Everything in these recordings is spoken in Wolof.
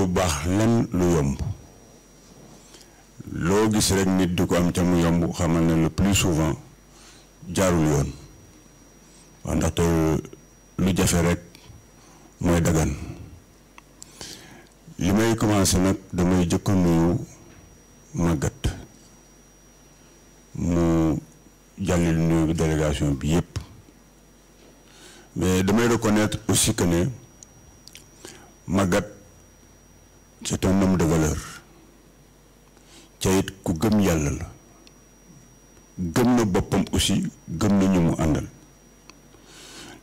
lu baax lenn lu yomb loo gis rek nit di ko am ca mu yomb xamal ne le plus souvent jaarul yoon waaw ndaxte lu jafe rek mooy dagan li may commencé nag damay jëkk a nuyu màggat mu jàllil nuyu délégation bi yépp mais damay reconnaître aussi que ne magat. c'est un homme de ku gëm yàlla la gëm na boppam aussi gëm na ñu mu àndal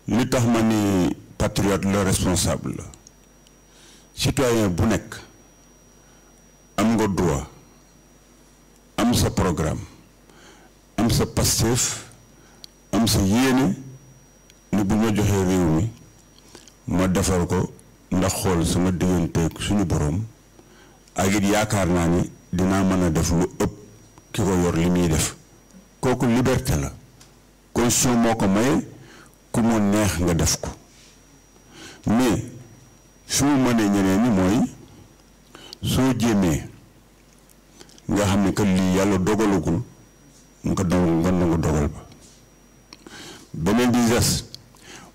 li tax ma ni patriote la responsable la citoyen bu nekk am nga droit am sa programme am sa Pastef am sa yéene ni bu ma joxee réew mi ma defar ko ndax xool sama digganteeg suñu boroom agit yaakaar naa ni dinaa mën a def lu ëpp ki ko yor li muy def kooku liberté la constitution moo ko maye ku mu neex nga def ko mais su mu mënee ñeneen mooy soo jéemee nga xam ne que lii yàlla dogalagul nga dogal nga nangu dogal ba beneen bi des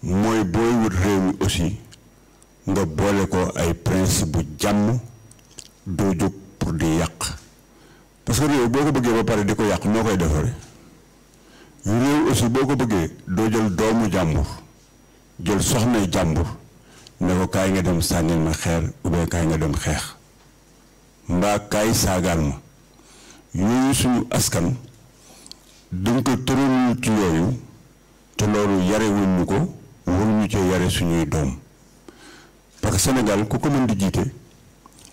mooy booy wut réew mi aussi nga boole ko ay principe bu jàmm doo jóg pour di yàq parce que réew boo ko bëggee ba pare di ko yàq noo koy defaree réew aussi boo ko bëggee doo jël doomu jàmbur jël soxnay jàmbur ne ko kaay nga dem sànnil ma xeer ou kaay nga dem xeex mbaa kaay saagaal ma yooyu suñu askan dañ ko tëral ci yooyu te loolu yare wuñ ñu ko waruñu ci yare suñuy doom parce que Sénégal ku ko mën di jiite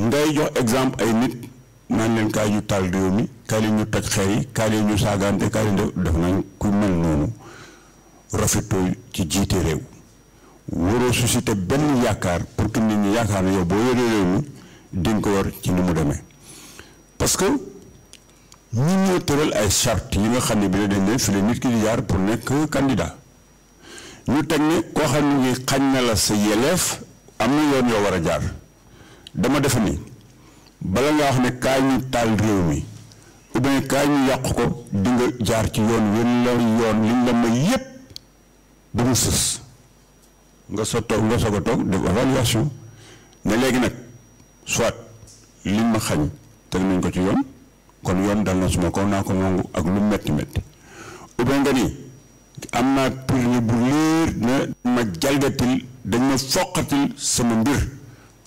ngay jox exemple ay nit naan leen kaay ñu taal réew mi kaay leen ñu toj xeer yi kaay leen ñu saagaante kaay leen def nañ ku mel noonu rafetoo ci jiite réew waroo suscité benn yaakaar pour que nit ñi yaakaar ne yow boo yoree réew mi di ko yor ci ni mu demee parce que ñu ñoo tëral ay charte yi nga xam ne bi dañ ne fi la nit ki di jaar pour nekk candidat ñu teg ne koo xam ne xañ na la sa yeleef am na yoon yoo war a jaar dama defe nii bala nga wax ne kaay ñu taal réew mi ou bien kaay ñu yàq ko dinga jaar ci yoon wen la yoon liñ la ma yépp ba mu sës nga so toog nga soog a toog def évaluation ne léegi nag soit liñ ma xañ teg nañ ko ci yoon kon yoon dal na suma kaw naa ko nangu ak lu metti metti ou nga ni am naa prix bu leer ne ma jalgatil dañ ma foqatil sama mbir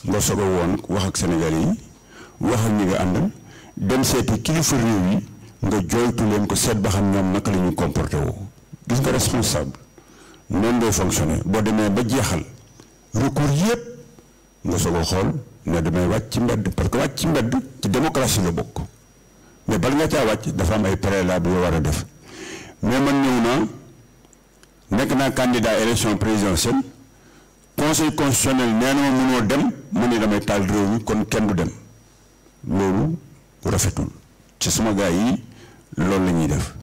nga soo a woon wax ak Sénégalais yi wax ak ñi nga àndal dem seeti kilifa réew yi nga jooytu leen ko seet ba xam ñoom naka la ñu comporté woo gis nga responsable noonu ngay fonctionné boo demee ba jeexal recours yépp nga soog a xool ne damay wàcc ci mbedd parce que wàcc ci mbedd ci démocratie la bokk mais bal nga caa wàcc dafa am ay bi yoo war a def mais man ñëw naa nekk naa candidat élection présidentielle conseil constitutionnel nee na ma mënoo dem mu ne damay taal réew mi kon kenn du dem loolu rafetul ci sama gars yi loolu la ñuy def.